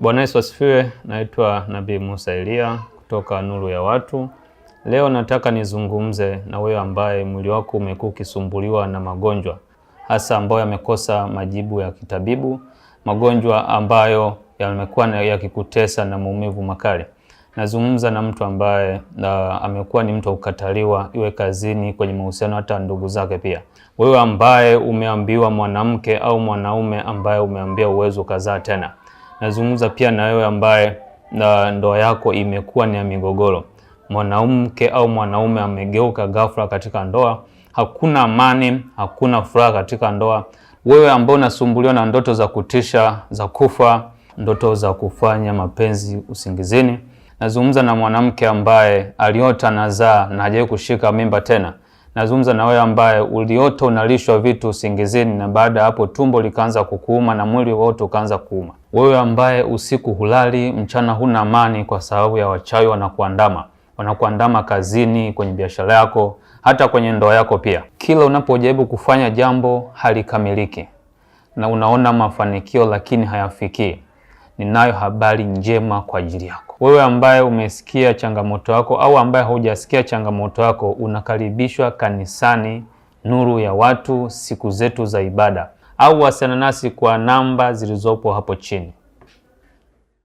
Bwana Yesu asifiwe. Naitwa Nabii Musa Elia kutoka Nuru ya Watu. Leo nataka nizungumze na wewe ambaye mwili wako umekuwa ukisumbuliwa na magonjwa hasa ambayo yamekosa majibu ya kitabibu, magonjwa ambayo yamekuwa yakikutesa na maumivu makali. Nazungumza na mtu ambaye na amekuwa ni mtu wa kukataliwa, iwe kazini, kwenye mahusiano, hata ndugu zake pia. Wewe ambaye umeambiwa mwanamke au mwanaume ambaye umeambia uwezo kazaa tena Nazungumza pia na wewe ambaye na ndoa yako imekuwa ni ya migogoro. Mwanamke au mwanaume amegeuka ghafla katika ndoa, hakuna amani, hakuna furaha katika ndoa. Wewe ambao unasumbuliwa na ndoto za kutisha za kufa, ndoto za kufanya mapenzi usingizini, nazungumza na mwanamke ambaye aliota nazaa na hajawahi kushika mimba tena. Nazungumza na wewe ambaye uliota unalishwa vitu usingizini na baada ya hapo tumbo likaanza kukuuma na mwili wote ukaanza kuuma wewe ambaye usiku hulali, mchana huna amani, kwa sababu ya wachawi wanakuandama, wanakuandama kazini, kwenye biashara yako, hata kwenye ndoa yako pia. Kila unapojaribu kufanya jambo halikamiliki na unaona mafanikio lakini hayafikii, ninayo habari njema kwa ajili yako wewe ambaye umesikia changamoto yako au ambaye haujasikia changamoto yako. Unakaribishwa kanisani Nuru ya Watu, siku zetu za ibada au wasiliana nasi kwa namba zilizopo hapo chini.